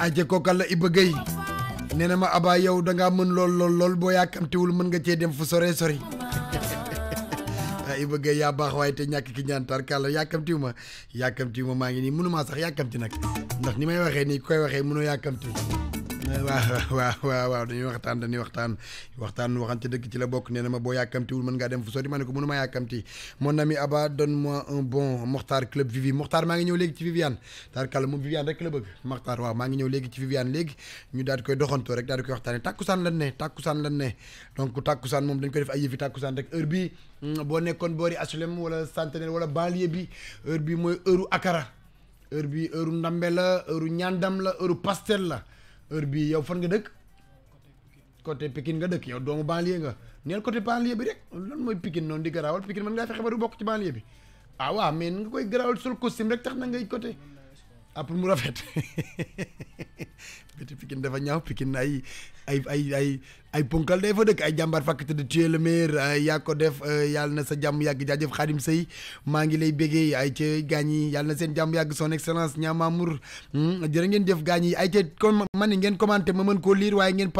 aje kookal la Iba Gueye nee na ma aba yow da ngaa mën lool lool lool boo yàkkamtiwul mën nga cee dem fu sore sori waaye ah, Iba Gueye yaa baax waaye te ñàkk ki ñaan tarkalla yàkkamtiwu ma yàkkamtiwu ma maa ngi nii mënumaa sax yàkkamti nag ndax ni may waxee nii koy waxee mënoo yàkkamti waaw waaw waaw waaw dañuy waxtaan dañuy waxtaan waxtaan waxante dëgg ci la bokk nee ma boo yàkkamtiwul mën ngaa dem fu sori ma ne ko mënuma yàkkamti mon ami Aba donne-moi un bon Mokhtar club Vivi Mokhtar maa ngi ñëw léegi ci Viviane tarkal moom Viviane rek la bëgg Mokhtar waaw maa ngi ñëw léegi ci Viviane léegi ñu daal di koy doxantoo rek daal di koy waxtaane tàkkusaan lan ne tàkkusaan lan ne donc tàkkusaan moom dañ koy def ay yëfi tàkkusaan rek heure bi mm, boo nekkoon boori asulem wala centenaire wala banlieue bi heure bi mooy akara heure bi heure ndambe la heure ñaandam la heure pastel la heure bii yow fan nga dëkk côté Pikine nga dëkk yow doomu banlieue nga neel côté banlieue bi rek lan mooy Pikine noonu di garaawal Pikine mën ngaa fexe ba du bokk ci banlieue bi ah waaw mais nga koy garaawal sol costume rek tax na ngay côté ah mu rafet biti pikin dafa ñaaw pikin ay ay ay ay ay punkal day fa dëkk ay jàmbaar fàkk tëdd tu le maire yaa ko def yàlla na sa jàmm yàgg jaajëf xaadim sëy maa ngi lay bégee ay ca gaañ yi yàlla na seen jàmm yàgg son excellence ñaamaamour hmm, jërë ngeen jëf gaañ yi ay ca comme man ngeen commenté ma mën koo lire waaye ngeen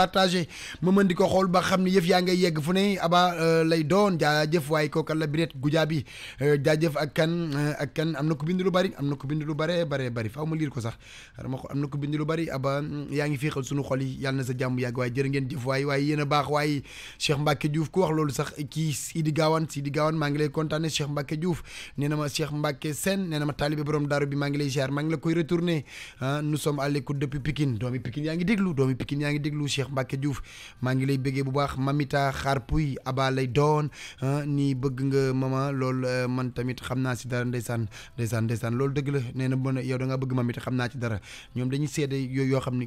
di ko xool ba xam ya yëf yaa ngay yegg fu ne aba euh, lay doon jaajëf waaye kooka la biret gujaa bi euh, jaajëf ak kan euh, ak kan am na ko bind lu bari am bare bare bari faaw ma lire ko sax aba yaa ngi fiixal sunu xol yi yàlla na sa jàmm yàgg waaye jërë ngeen jëf waaye waaye yéen a baax waaye Cheikh Mbacke Diouf ku wax loolu sax kii si Gawane Sidi Gawane maa ngi lay kontaane Cheikh Mbacke Diouf nee na ma Cheikh ma taalibe borom daaru bi maa ngi lay ziar maa ngi la koy retourné ah nous sommes à l'écoute depuis Pikine doomi Pikine yaa ngi déglu doomi Pikine yaa ngi déglu Cheikh Mbacke Diouf maa ngi lay bëggee bu baax mamita xaar puy aba lay doon ah, nii bëgg nga mama loolu eh, man tamit xam naa si dara ndeysaan ndeysaan ndeysaan loolu dëgg la nee na bon yow da ngaa bëgg mamita xam naa ci dara ñoom dañuy seede yooyu yoo xam ni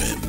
FM.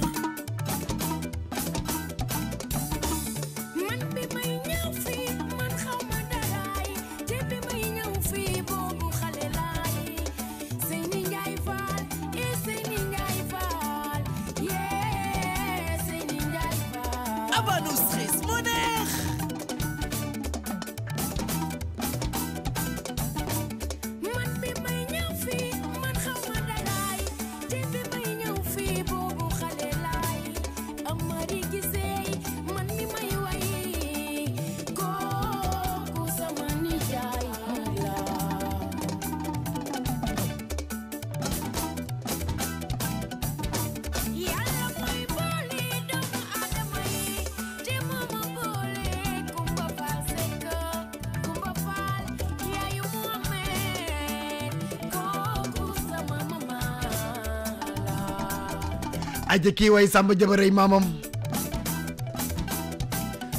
aja kii way sàmba jabaray maamam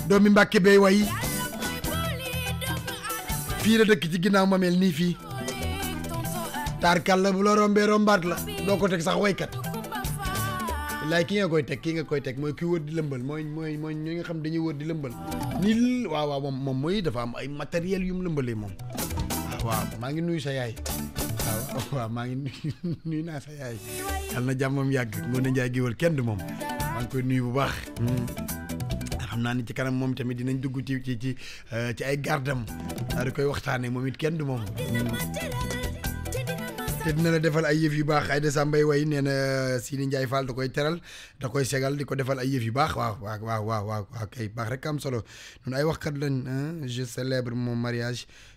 doomi mbàkke bay way fii la dëkk ci ginnaaw mameel nii fii taarkal la bu la rombee rombaat la doo ko teg sax waykat laay ki nga koy teg ki nga koy teg mooy ki wër di lëmbal mooy mooy mooy nga xam dañuy wër di lëmbal nii waaw waaw mooy dafa am ay matériel yu mu lëmbalee ah, maa ngi nuyu sa yaay ah, waaw maa ngi nuyu naa sa yaay yàlla na jàmmam yàgg Ngoné Ndiaye géwël kenn du moom maa ngi koy nuyu bu baax. Hmm. xam naa ni ci kanam moom tamit dinañ dugg ti ci ci euh, ci ay gardam daal di koy waxtaanee moom it kenn du moom. Hmm. te dina defal ay yëf yu baax ay de Sambay way nee na euh, Sidi Ndiaye Fall da koy teral da koy segal di ko defal ay yëf yu baax waaw waaw waaw waaw kay baax rek am solo ñun ay waxkat lañ je célèbre mon mariage.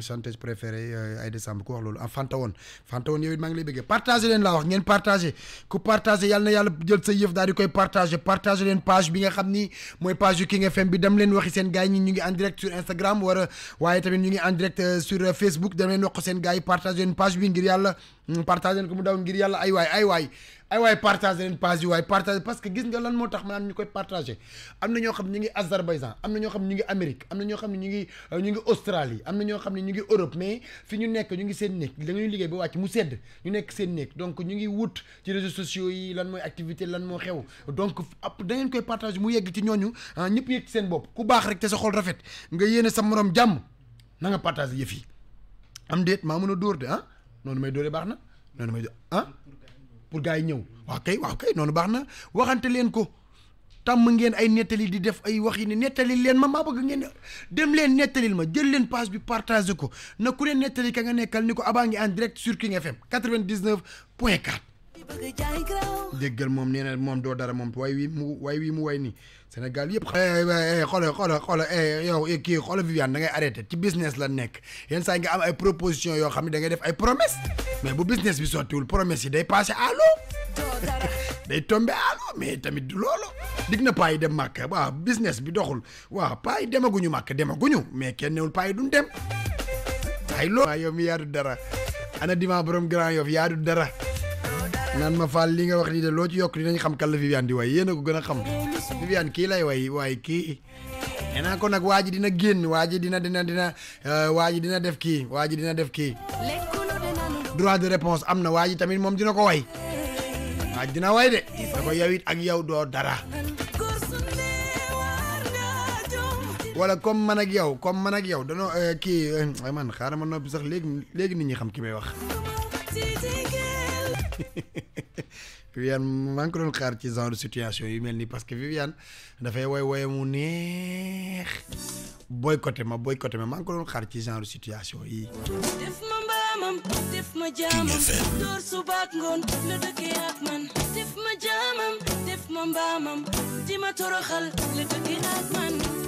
chanteuse mmh, préférée euh, ay décembre ko wax lolou ah, Fanta Partagez Fanta Partagez. partagez wax jël sa page bi nga page King FM bi dem en direct sur Instagram tamit ñu ngi en direct euh, sur euh, Facebook dem len wax sen gaay page bi partagé leen ko mu daw ngir yàlla ay waay ay waay ay waay partagé leen page yi waay partagé parce que gis nga lan moo tax maanaam ñu koy partagé am na ñoo xam ñu ngi Azerbaïdjan am na ñoo xam ñu ngi Amérique am na ñoo xam ne ñu ngi euh, ñu ngi Australie am na ñoo xam ne ñu ngi Europe mais fi ñu nekk ñu ngi seen nekk da ngay liggéey ba wàcc mu sedd ñu nekk seen nekk donc ñu ngi wut ci réseaux lan mooy activité lan moo xew donc ap da ngeen koy partagé mu yegg ci ñooñu ah, ñëpp yegg ci bopp ku baax rek te sa xol rafet nga yéene sa moroom jàmm na nga partagé yëf yi am déet maa mën a dóor de ah noonu may dóoree baax na noonu may dóor ah pour gars yi ñëw waaw kay waaw kay noonu baax na waxante leen ko tàmm ngeen ay nettali di def ay wax yi ne nettali leen ma maa bëgg ngeen dem leen nettalil ma jël leen page bi partagé ko na ku ne nettali ka nga nekkal ni ko abaa ngi en direct sur King FM 99 point 4 déggal moom nee na moom doo dara moom way wi mu way wi mu way nii Sénégal yëpp xoola xoola xoola yow eh, kii xoola Viviane da ngay arrêté ci business la nekk yenn saa yi nga am ay proposition yoo xam ne da ngay def ay promesse mais bu business bi sottiwul promesse yi day passé à l'eau day tombe à l'eau mais tamit du loolu dig na paa yi dem màkk waaw business bi doxul waaw paa yi demaguñu màkk demaguñu mais kenn newul paa yi duñ dem ay loolu yow mi yaadu dara ana diman borom grand yof yaadu dara naan ma Fall li nga wax nii loo ci yokk dinañ xam kan la di waaye yéen a ko gën a xam Viviane kii lay way waaye kii nee naa ko nag waa ji dina génn waa ji dina dina dina euh, waa ji dina def kii waa ji dina def kii droit de réponse am na waa ji tamit moom dina ko way waa dina way de da ko yow ak yow doo dara wala comme man ak yow comme man ak yow danoo euh, kii euh, man xaaral ma noppi sax léegi léegi nit xam ki may wax Viviane maa ngi ko doon xaar ci genre situation yu mel nii parce que Viviane dafay woy woye mu neex boycotté ma boycotté ma maa ngi ko doon xaar ci genre situation yi def ma mbaamam def ma jaamam door subaak ngoon la dëkkee ak man def ma jaamam def ma mbaamam di ma toroxal la dëkkee ak man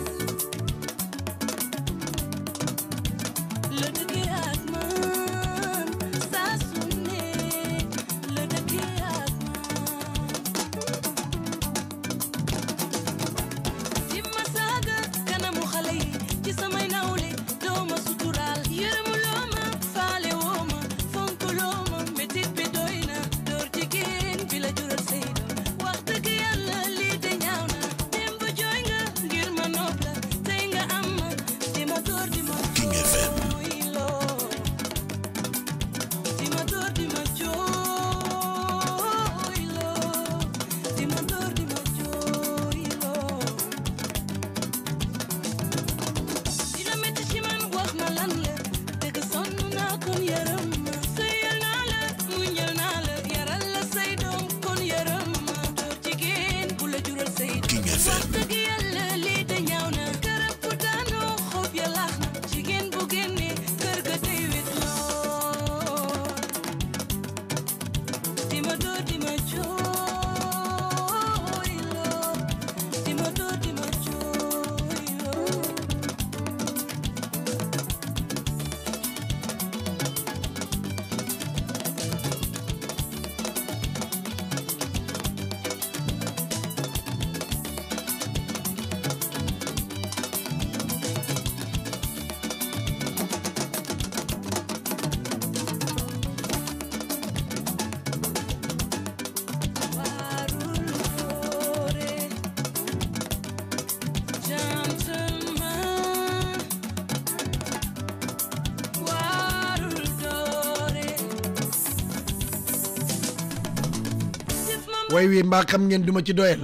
way wi mba xam ngeen duma ci doyal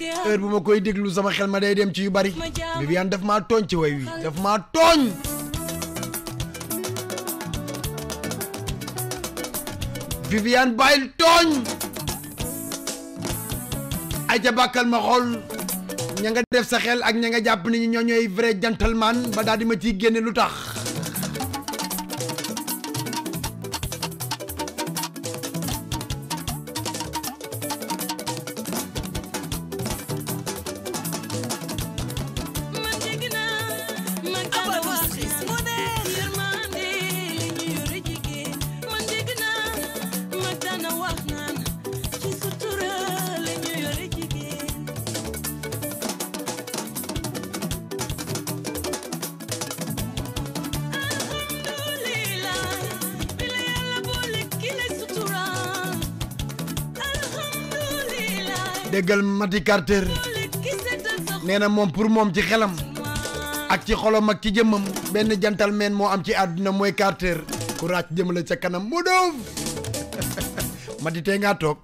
ya. heure bu ma koy déglu sama xel ma day dem ci yu bari Viviane daf ma togn ci way wi daf ma togn vivian bàyyil togn aja bakal ma xol ña nga def sa xel ak ña nga jàpp ni ñoy ñoy vrai gentleman ba daal di ma ci génne lutax Amady Carter na moom pour moom ci xelam ak ci xolam ak ci jëmmam benn gentleman moo am ci àdduna mooy Carter ku ràcc jëmale ca kanam mu doof ma di toog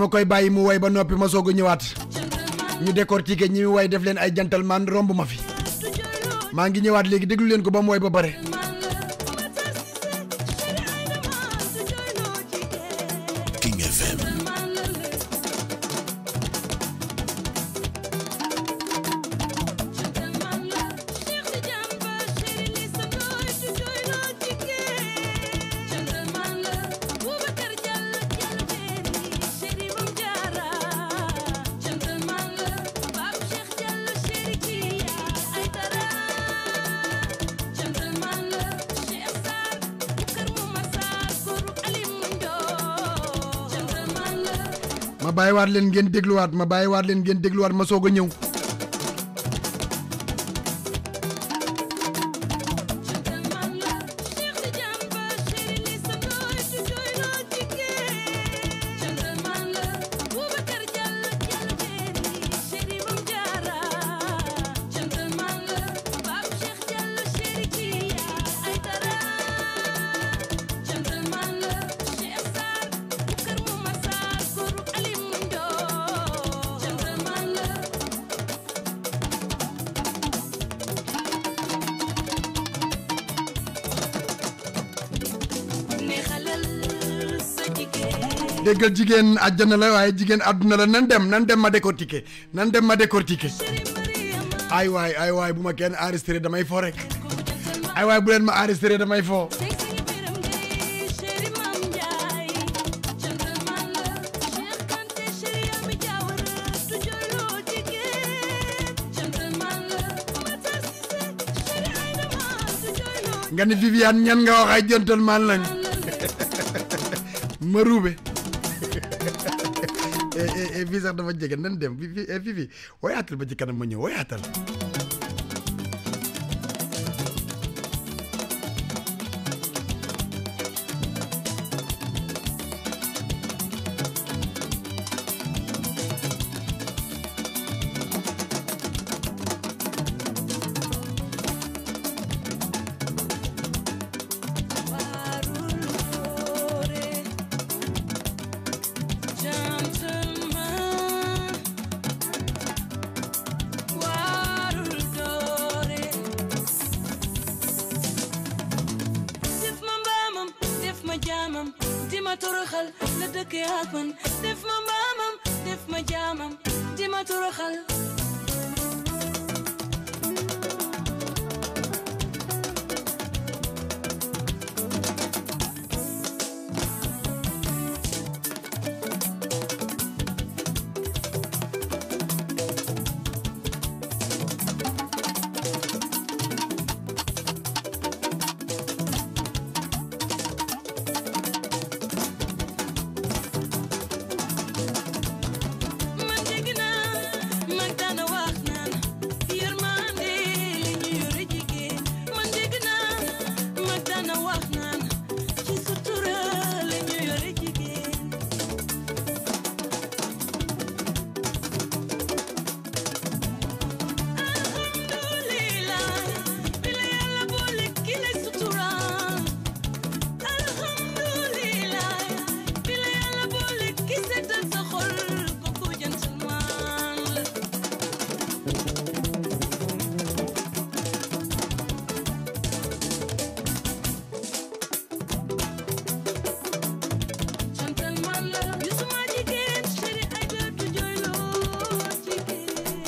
dama koy bàyyi mu woy ba noppi ma soog a ñëwaat ñu décortiquer ñi way def leen ay gentleman romb ma fi maa ngi ñëwaat léegi déglu leen ko ba mu way ba pare. bàyyiwaat leen ngeen dégluwaat ma bàyyiwaat leen ngeen dégluwaat ma soog a ñëw déggal jigen aljana la way jigen aduna la nan dem nan dem ma décortiquer nan dem ma décortiquer ay way ay way buma ma kenn enregistré damay fo rek ay way bu len ma enregistré damay fo nga ni Viviane ñan nga wax ay gentleman lañ bii eh, eh, sax dafa jege nan dem bi fii fii eh, fii woyaatal ba ci kanam ma ñëw woyaatal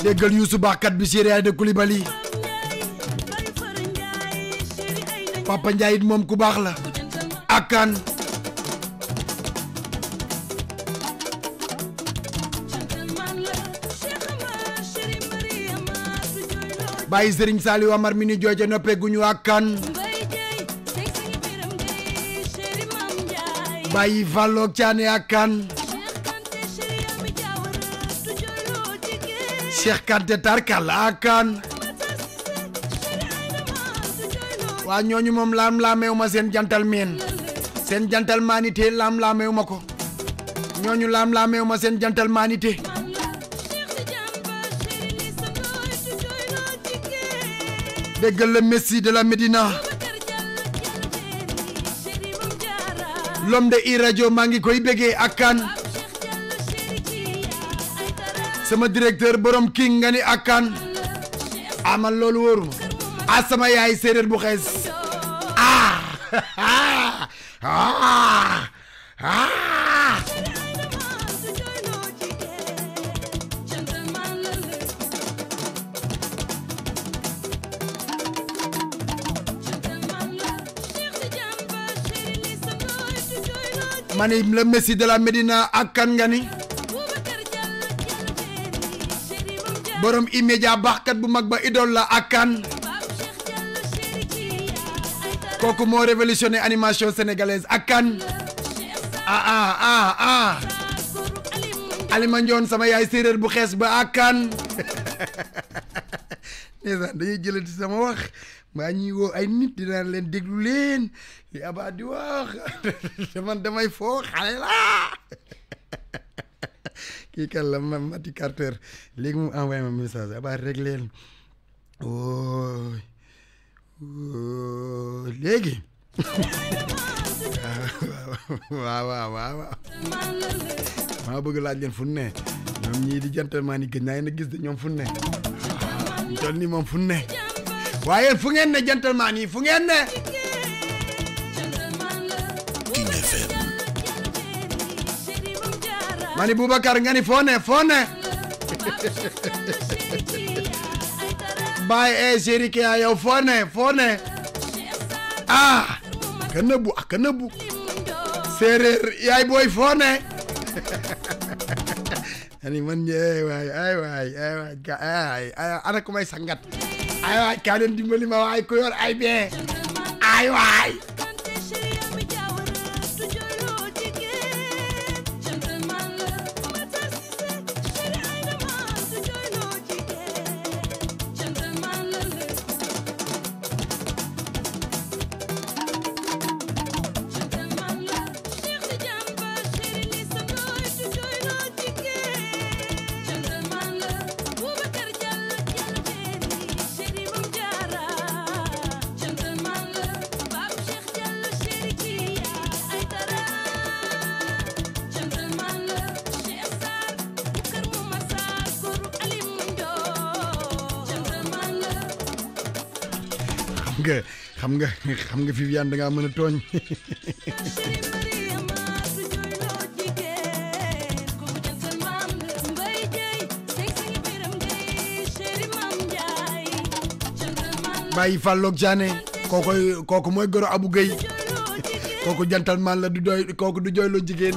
déggal Youssou baaxkat bi Siré Aïda Coulibaly Papa Ndiaye moom ku baax la akan bàyyi Serigne Saliou Amar mi ni jooje noppee gu ñu akkan bàyyi Vallo Thiané Cheikh Kanté tarkal akan wa ñooñu moom laam-laameewu eh, ma seen jantal meen seen jantal manité lam la eh, ma ko ñooñu laam-laameewu eh, ma seen jantal manité déggal le Messi de la medina, l'homme de iradio radio maa ngi koy bégee sama directeur borom king nga ni akkan amal loolu wóoru ma ah sama yaay séeréer bu xees ah ah ah mani le messi de la médina akkan nga ni borom immédiat baaxkat bu mag ba idole la ak kan moo révolutionné animation sénégalaise ak kan ah ah ah ah Alima Ndione sama yaay séeréer bu xees ba ak kan ndeysaan dañuy jëlati sama wax maa ñuy woo ay nit dinaa leen déglu leen li abaa di wax man damay foo xale kii kan la ma Mati Carter léegi mu envoyé ma message abaa réglé woo léegi waaw waaw waaw waaw maa bëgg laaj leen fu ne ñoom ñii di gentleman yi gëj naa gis de ñoom fu ne toll ni moom fu ne waaye fu ngeen ne gentleman yi fu ngeen ne mani Boubacar nga ni foo ne baay e chéri ke a yow foo ne foo ne ah, ah yaay booy foo ne ani man ay eh, waay ay eh, waay ay eh, waay ka ay ana sangat ay waay kaa leen waay ku ay bien ay waay xam nga Viviane da ngaa mën a tooñ. bàyyi fàlloog jaane kooku kooku mooy goro abu gay kooku gentleman la du doy kooku du jooyloo jigéen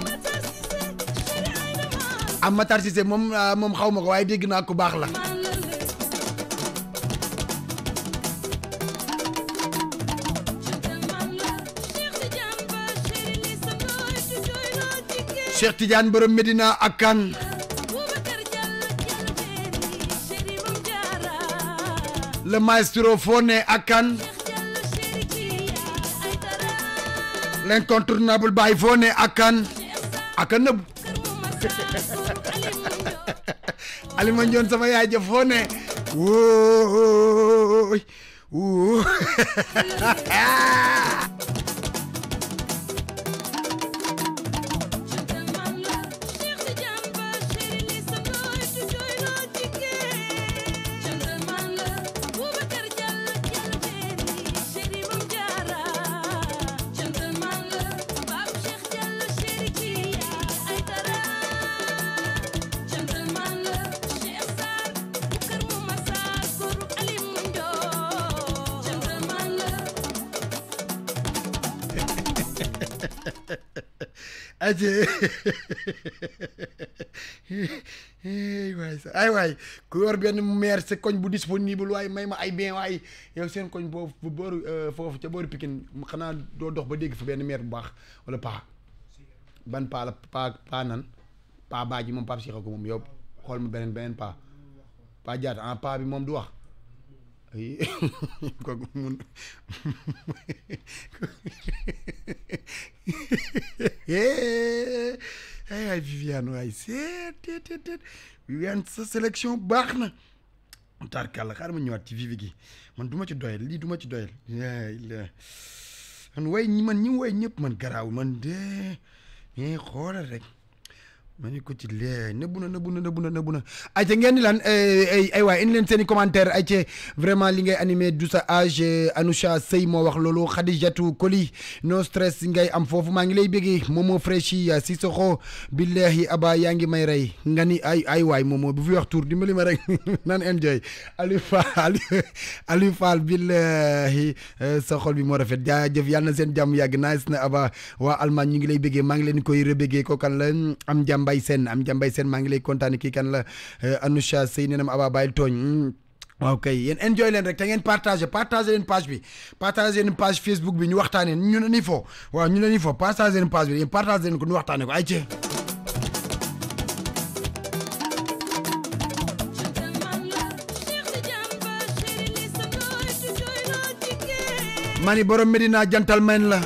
am matar Cissé moom ah, moom xaw ma ko waaye dégg naa ku baax la Cheikh Tidiane borom Medina ak kan le maestro Foné ak kan l'incontournable Baye Foné ak kan ak a nëbb Alima Ndione sama yaay ja Foné wóoy wóoy aje waay sa ay waay ku yor benn maire sa koñ bu disponible waaye may ma ay bien waaye yow seen koñ boobu bu euh, foofu ca booru Pikine xanaa doo dox ba dégg fa benn maire bu baax wala paa ban paa la paa paa nan paa baa ji moom paa si ko moom yow xool ma beneen beneen paa paa jaata ah paa bi moom du wax ay kooku mun eh, ay waay Viviane waay seet teet teet Viviane sa sélection baax na tarkàlla xaaral ma ñëwaat ci vivi gi man du ma ci doyal lii duma ci doyal la man way ñi man ñi way ñëpp man garaaw man de ñi eh, xoolal rek ma ne ko ci lee nëbbu na nëbbu na nëbbu na nëbbu na ayca ngeen di lan eh, eh, ay waay indi leen seen i commentaire ayca vraiment li ngay anime du sa âge eh, Anoucha Sey moo wax loolu Khadijatou Koli no stress ngay am foofu maa ngi lay béggee Momo Freshi ah, Sissoko billahi aba yaa ngi may rey nga ni ay ay waay Momo bu fi wax tur dimbali ma rek naan enjoy Aliou Fall Aliou Fall billahi sa xol bi moo rafet jaajëf yàlla na seen jàmm yàgg nice na aba waa Allemagne ñu ngi lay béggee maa ngi leen koy rebéggee kookan la mm, am jàmm Mbay am Amja bay Sène maa ngi lay kontaane kii kan la euh, Anoucha Sey nenam Aba Baye Tooñ waaw mm. kay enjoy leen rek te ngeen partagé partagé leen page bi partagé leen page Facebook bi ñu waxtaanee ñu ne nii foo waaw ñu ne nii foo partagé leen page bi yéen partagé leen ko ay ci mani borom Medina jantal la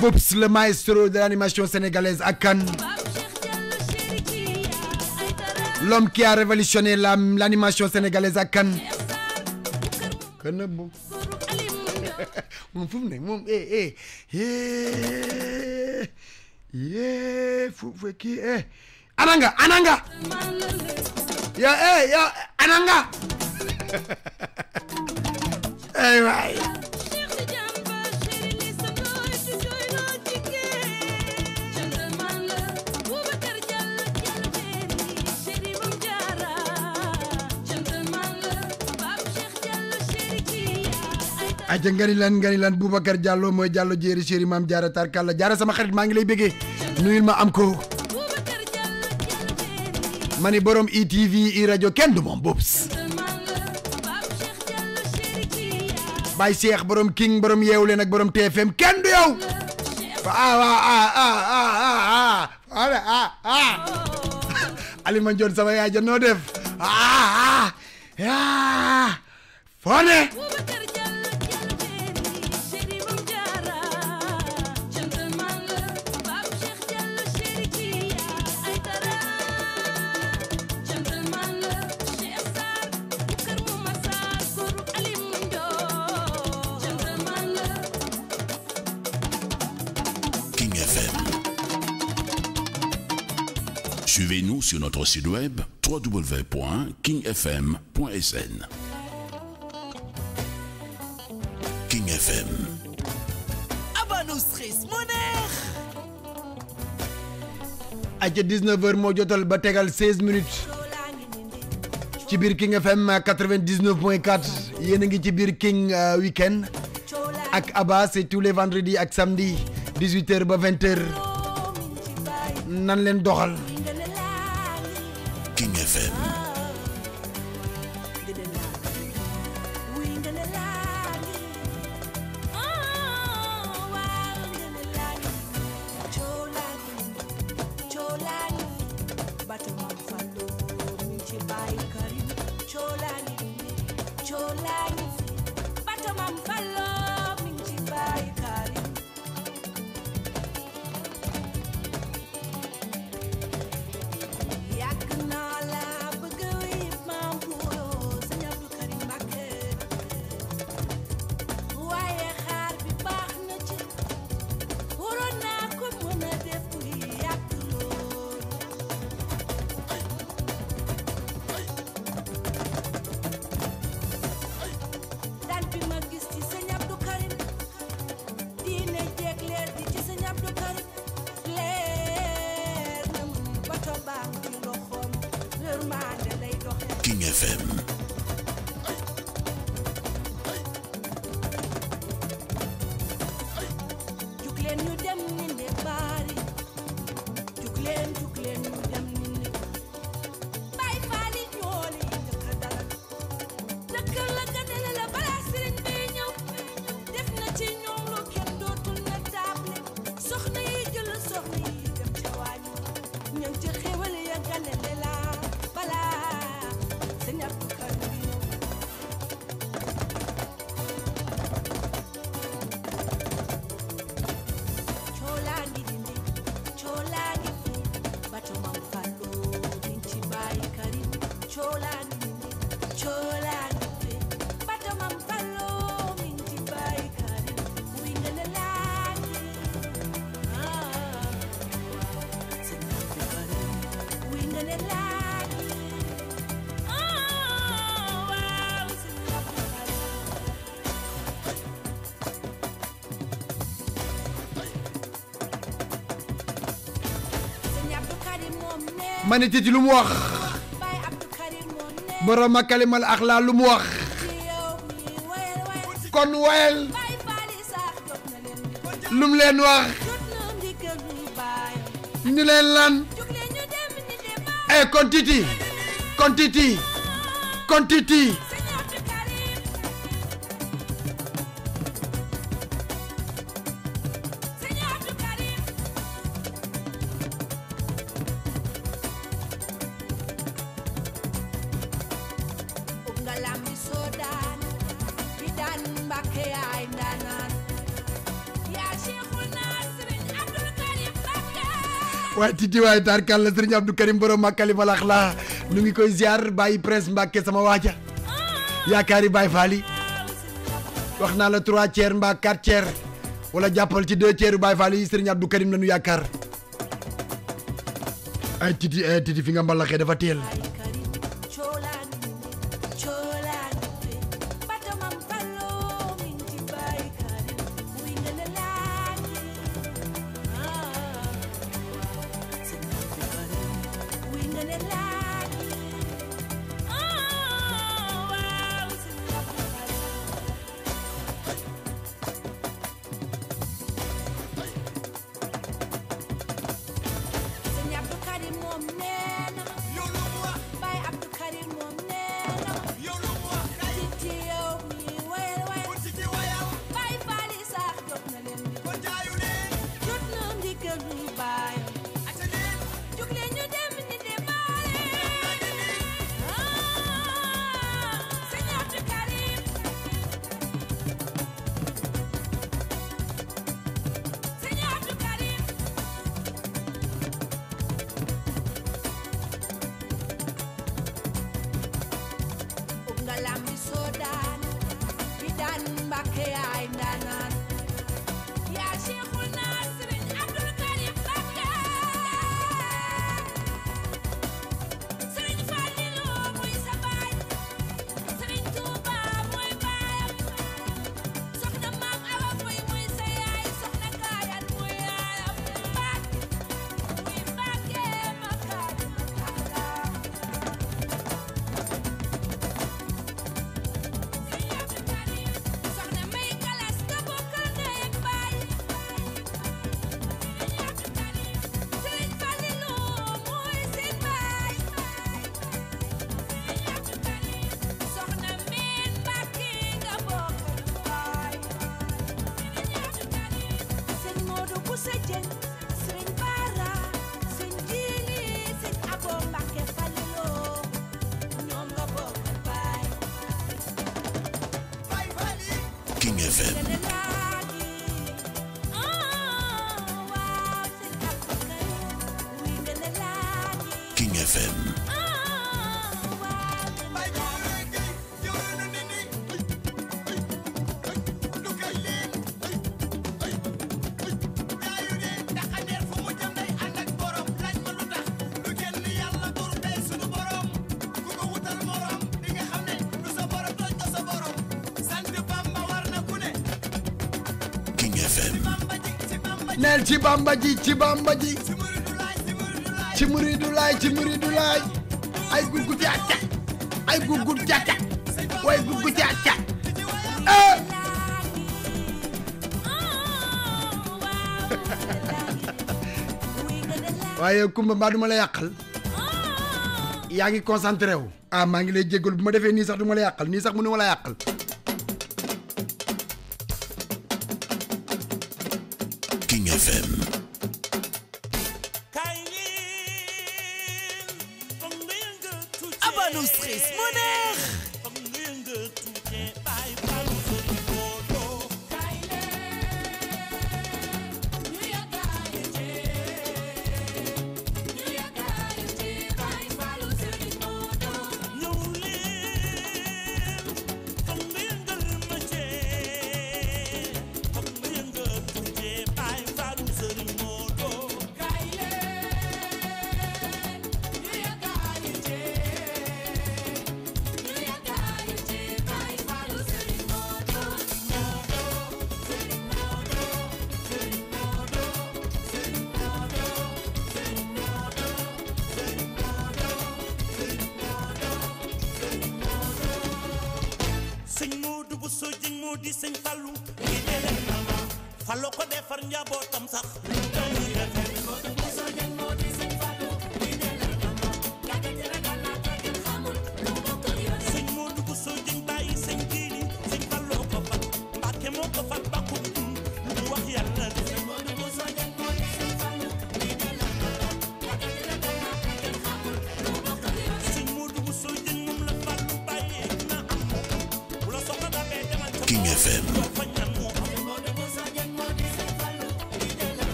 Boops, le maestro de l'animation sénégalaise à L'homme qui a révolutionné l'animation sénégalaise à Cannes. Mon fou, ne moom eh eh Yeah fou, fou, qui eh ananga ananga yo eh yo ananga ay right. Eh, aja ganilan lan ngani lan Boubacar Diallo mooy Diallo jéeri chéri maam jaara tarkalla sama xarit manggil ngi lay béggee nuyul ma am ko ma ni borom ITV e i rajo kenn du moom bobs Baye Cheikh borom King borom yeewu leen borom TFM kenn du yow ah ah ah ah ah, ah, ah. ah Ali ma sama yaay no dev. def ah ah ya ne nous sur notre site web www.kingfm.sn. King FM. À 19h moi, jotal 16 minutes ci King FM 99.4 yéen a King euh, Weekend ak Abba c'est tous les vendredis et samedi 18h à 20h nan ma ne titi lu wax borom a kalimal ak laa lu mu wax kon wayel lu mu wax ñu leen lan ay eh, kon titi kon titi kon titi titi waay tarkal la sëriñ Abdou Karim borom màkkali malax la nu ngi koy ziar bàyyi presse Mbàkke sama waaja yaakaari Baay Faal yi wax naa la trois tiers mbaa quatre tiers wala jàppal ci deux tiers Baay Faal yi sëriñ Abdou Karim la nu yaakaar ay titi ay eh, titi fi nga mbalaxee dafa teel neel ci bamba ji ci bamba ji ci muridu laay ci muridu laay ay guggu caaca ay guggu caaca way guggu caaca eh waaye Kumba mbaa du ma la yàqal yaa ngi concentré wu ah maa ngi lay jégalu bu ma defee nii sax du ma la yàqal nii sax mënu ma la yàqal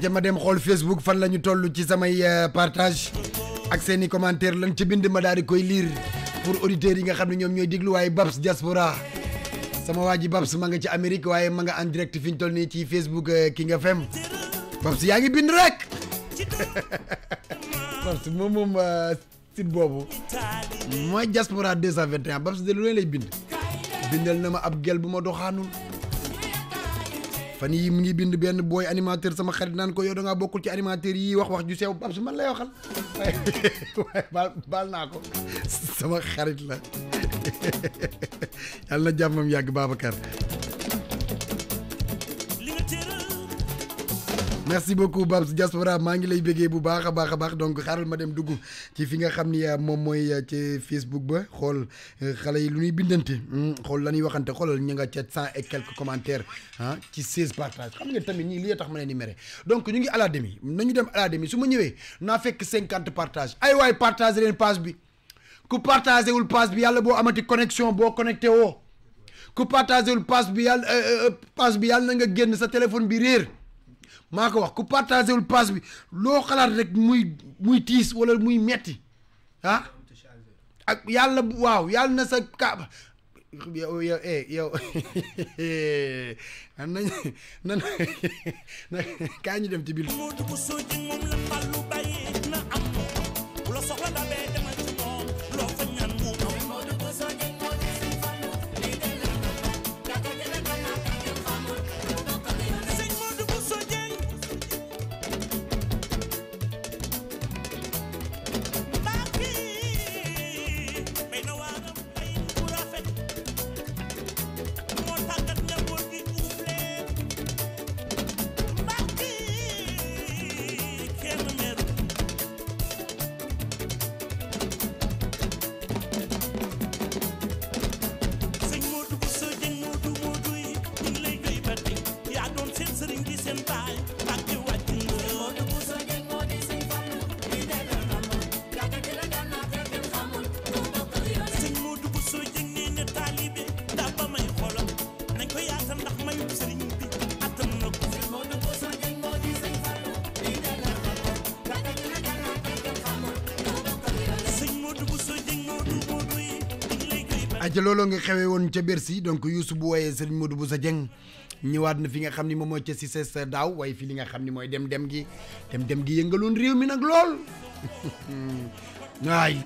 aca ma dem xool Facebook fan la ñu toll ci samay partage ak seen i commentaire lan ci bind ma daal di koy lire pour auditeurs yi nga xam ne ñoom ñooy déglu waaye Babs Diaspora sama waa ji Babs ma nga ci Amérique waaye ma nga en direct toll nii ci Facebook King FM Babs yaa ngi bind rek Babs moom moom site boobu mooy Diaspora 221 Babs de lu lay bind bindal na ma ab gel bu ma doxaanul fan yi mu ngi bind benn booy animateur sama xarit naan ko yow da ngaa bokkul ci animateur yi wax wax ju sew ab su man lay waxal waaye baal baal naa ko sama xarit la yàlla na jàmmam yàgg Babacar merci beaucoup Babs Diaspora maa ngi lay bëggee bu baax a baax a baax donc xaaral ma dem dugg ci fi nga xam ni euh, moom mooy euh, ci Facebook ba xool euh, xale yi lu ñuy bindante hmm, xool la ñuy waxante xoolal ñu nga ca cent et quelques commentaires ah ci seize partages xam nga tamit ñii li tax ma leen di mere donc ñu ngi à la demi nañu dem à la demi su ma ñëwee naa fekk 50 partages ay waay partage leen page bi ku partagé wul page bi yàlla boo amati connexion boo connecté woo ku partage, wul page bi yàlla page bi yàlla na nga génn sa téléphone bi réer maa ko wax ku partagé wul paas bi loo xalaat rek muy muy tiis wala muy metti ah ak yàlla bu waaw yàlla na sa kaaba yow yow eh yow nan nañ nan kaa ñu dem ci biir aca looloo nga xewee woon ca Bercy donc Youssou bu woyee Serigne Modou sa Dieng ñëwaat na fi nga xam ni moom mooy ca Cissés daaw waaye fii li nga xam ni mooy dem dem gi dem dem gi yëngaloon réew mi nag lool waay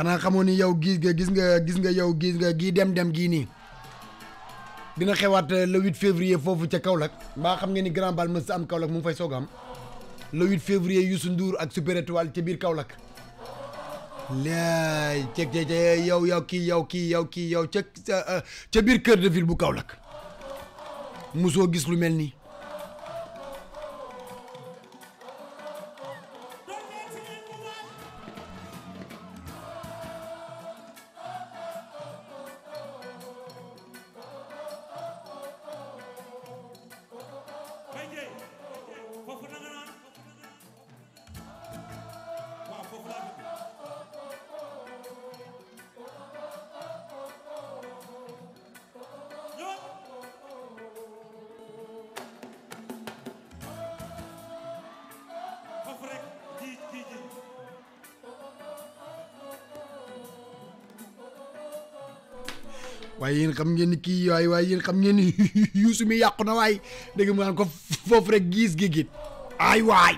xanaa xamoo ni yow gis nga gis nga gis nga yow gis nga gii dem dem gii nii dina xewaat euh, le 8 février foofu ca Kaolack mbaa xam nga ni grand bal mës am Kaolack mu ngi fay soog am le 8 février Youssou Ndour ak Super Étoile ca biir Kaolack laay ceg ce yow yow kii yow kii yow kii yow ca ca euh, biir cœur de ville bu Kaolack mosoo gis lu mel nii yéen xam ngeen ni kii waay waay yéen xam ngeen ni yuusu mi yàqu na waay dégg nga ko foofu rek gis gi git ay waay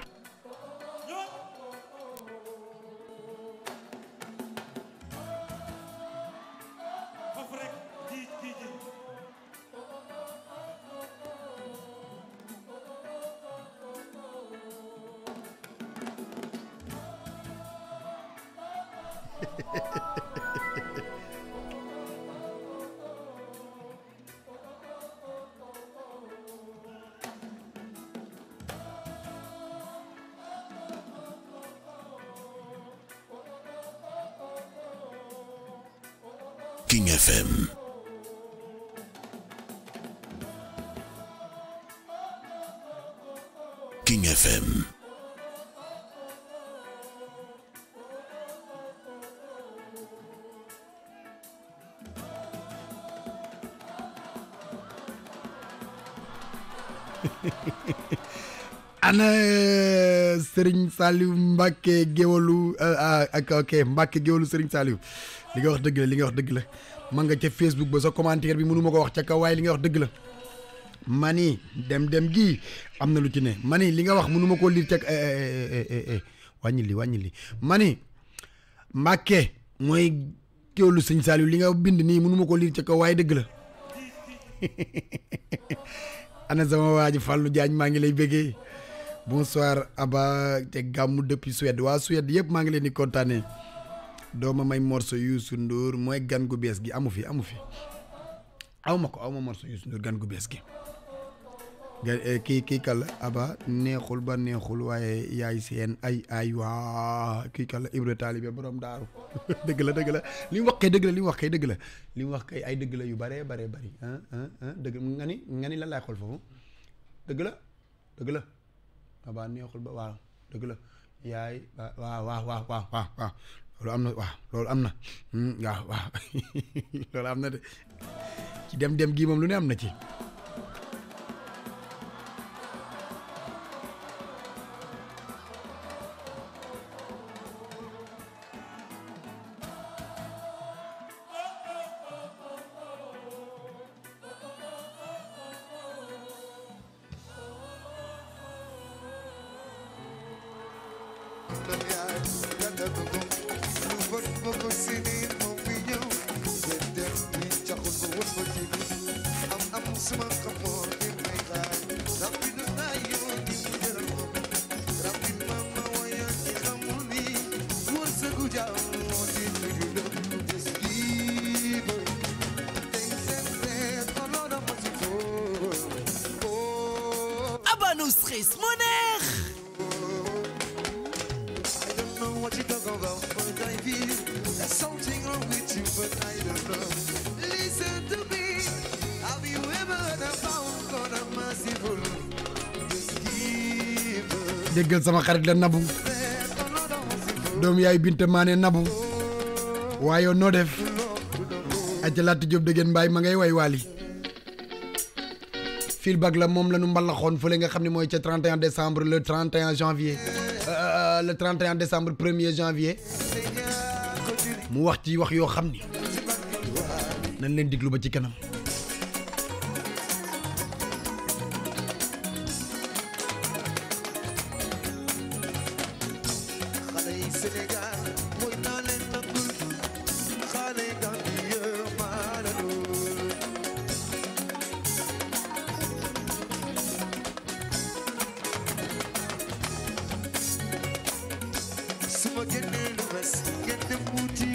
King FM. King FM. ana Serigne Saliou Mbacké géwalu euh, ak ah, ok Mbacké géwalu Serigne Saliou li nga wax dëgg la li nga wax dëgg la nga ca facebook ba sa commentaire bi mënuma ko wax ca kaw waaye li nga wax dëgg la mani dem dem gi, am na lu ci ne mani li nga wax mënuma koo lire ca eh, eh, eh, wàññi li wàññi li mani mbàkke mooy teewlu sëñ Saliou li nga bind nii mënuma koo lire ca kaw waaye dëgg la ana sama waa ji Fallou Diagne ngi lay bonsoir Aba te gàmmu depuis Suède waa Suède yëpp maa ngi doo ma may morceau Youssou Ndour mooy gan gu bees gi amu fi amu fi aw ma ko aw ma morceau Youssou gan gu bees gi eh, kii kii kal aba neexul ba neexul waaye yaay seen ay ay waa kii kal Ibra Taalibe borom daaru dëgg la dëgg la li mu wax kay dëgg la li mu wax kay dëgg la li wax kay ay dëgg la yu bare bare bari ah, ah, ah. dëgg nga ni nga ni lan laay foofu dëgg la dëgg la aba neexul ba waaw dëgg la yaay waaw waaw waaw waaw waaw loolu am na waaw loolu am na waaw waaw loolu am na de ci dem-dem gii moom lu ne am na ci. Thank you. am am sama xam déggal sama xarit la nabu doom yaay Binta Mané nabu waaye noo def aca laata Jóob dëggeen mbaay ma ngay way waali fil bag la moom la nu mbalaxoon fële nga xam ne mooy ca 31 décembre le 31 janvier euh, le 31 décembre 1er janvier mu wax ci wax yoo xam ni nañ leen diglu ba ci kanam su ma lu bees ngeen ko na ci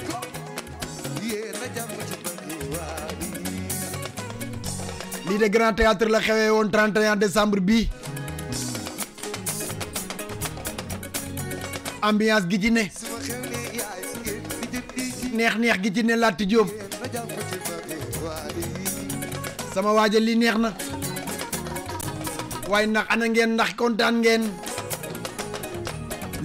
bi de grand théâtre la xewee woon 31 décembre bi ambiance gi neex neex gi ci ne Diop sama waaja li neex na waaye ndax ana ngeen ndax kontaan ngeen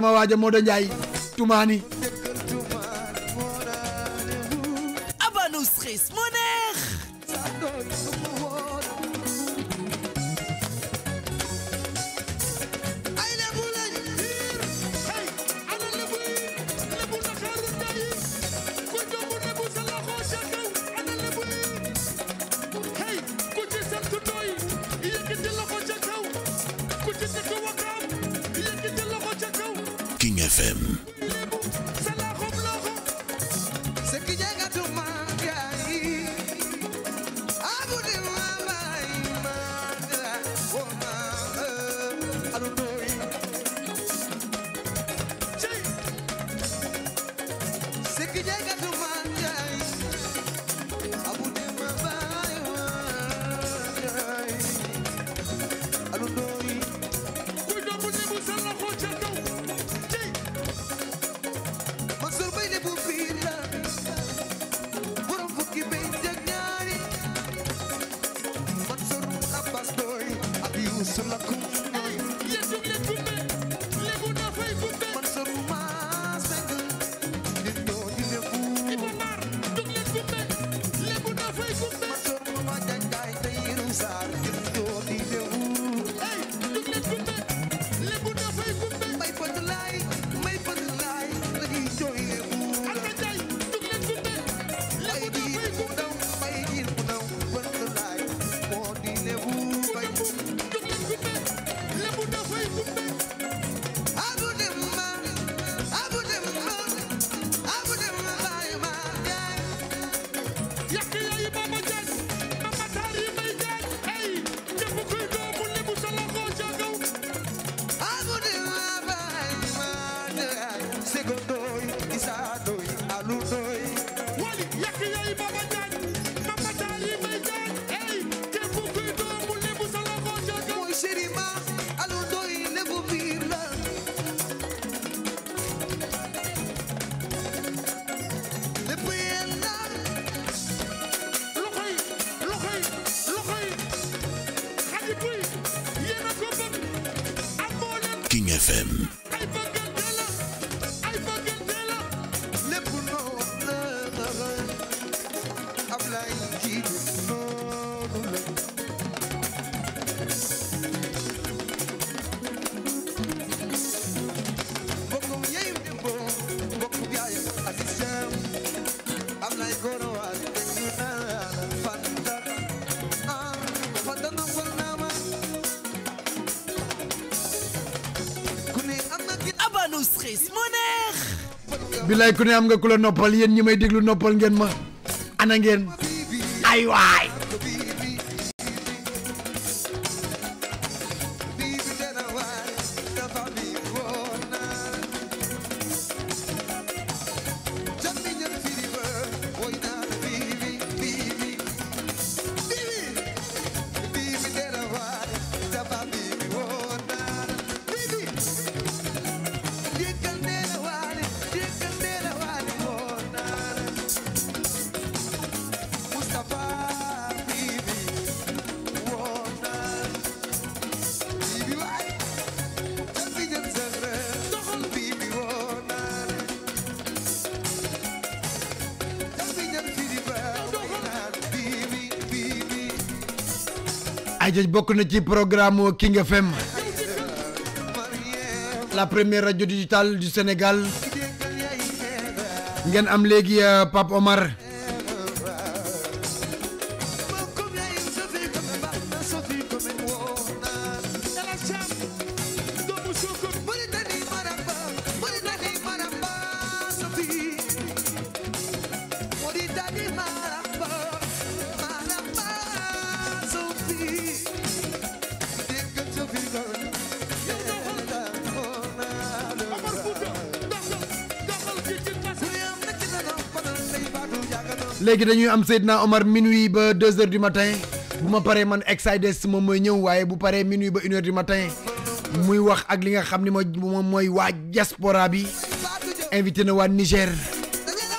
ma waaja Modou Ndiaye tumaani segundo wallaay ku ne am nga ku la noppal yéen ñi may déglu noppal ngeen ma ana ngeen aywa aj bokk na ci programme King FM la première radio digitale du senegal ngeen am léegi euh, Pape Omar léegi dañuy am Seydina Omar minuit ba deux heures du matin bu ma paree man Excites moom mooy ñëw waaye bu paree minuit ba une heure du matin muy wax ak li nga xam ne moom mooy waa diaspora bi invité na waa Niger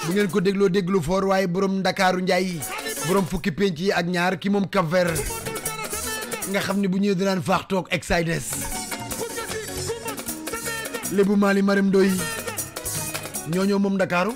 bu ngeen ko dégloo déglu foor waaye borom Ndakaaru Njaay yi borom fukki penc yi ak ñaar ki moom Cap nga xam ni bu ñuy dinaan faax toog Excites ma Mali Marème Ndoye ñooñoo moom Ndakaaru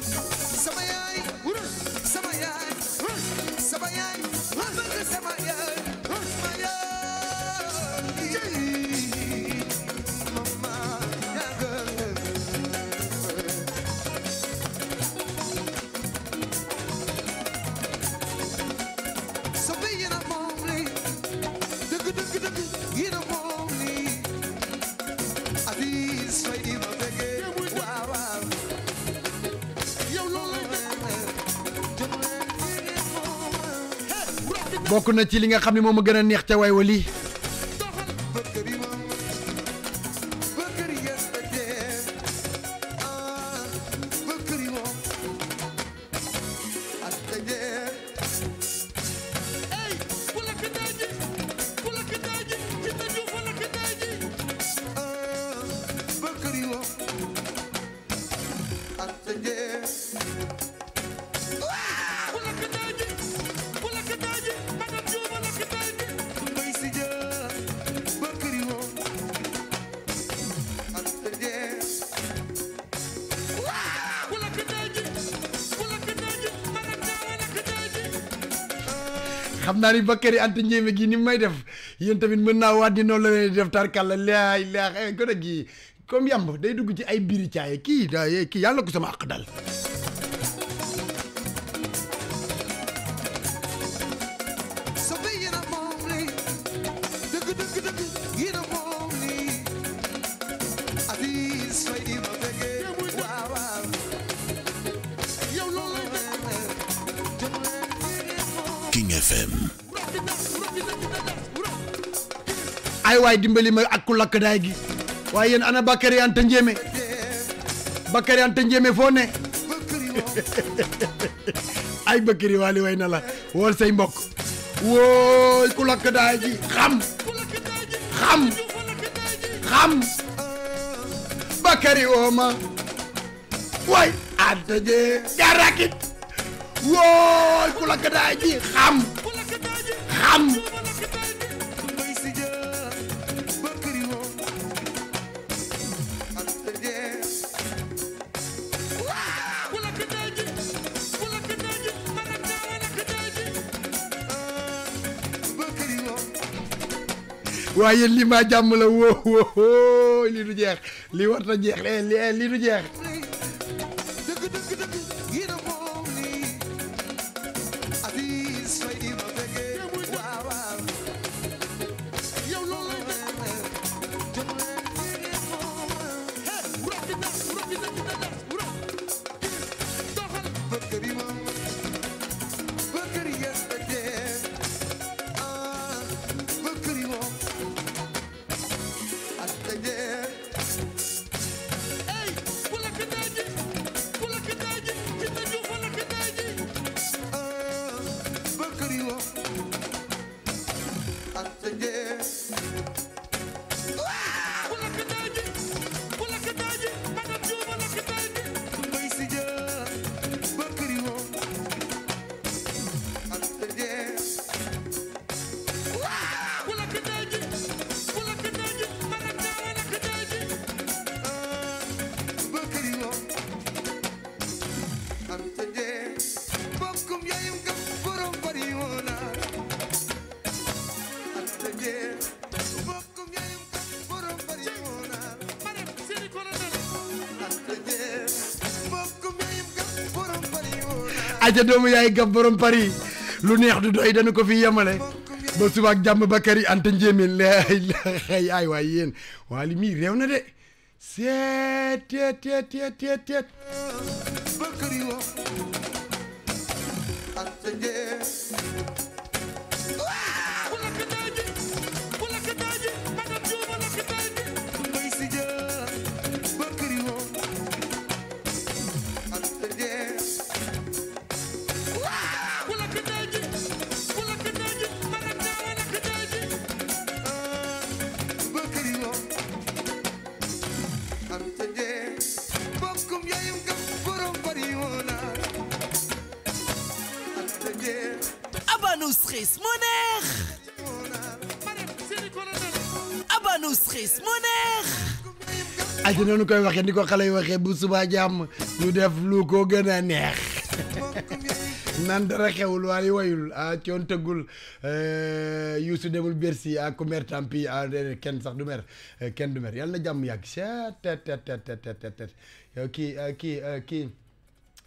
bokku na ci li nga xamni ne moom a neex ca way wali genre yi Bakary Anta Ndiémé gi ni may def yéen tamit mën naa waat ni noonu la leen def tarkalla laay laay gone gi comme yamb day dugg ci ay biiri caaye kii daa kii yàlla ko sama àq dal waay dimbali ma ak ku lakk daay gi waaye yéen ana Bakary Anta Ndiémé Bakary Anta Ndiémé foo ne ay Bakary waali way na wool say mbokk wooy ku lakk daay gi xam xam xam Bakary wooma waay Anta Ndié garakit wooy ku lakk daay gi xam xam waaye lii maa jàmm la woo woo lii du jeex lii war na jeex eh, eh, lii du jeex. aja doomu yaay gab borom Paris lu neex du doy dana ko fi yemale ba suba ak jàmm Bakary Anta Ndiémé lay lay ay waay yéen waa li mii réew na de seet teet teet teet teet teet stress moo neex abanu stress xale yi waxee jàmm ñu def lu ko gën a neex nan dara xewul waaye wayul a coon tëggul e, Youssou demul Bercy a ku mer kenn sax du mer e, kenn du mer yàlla na jàmm yàgg tet tet tet tet tet kii e,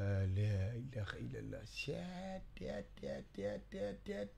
آه، لا اله الا الله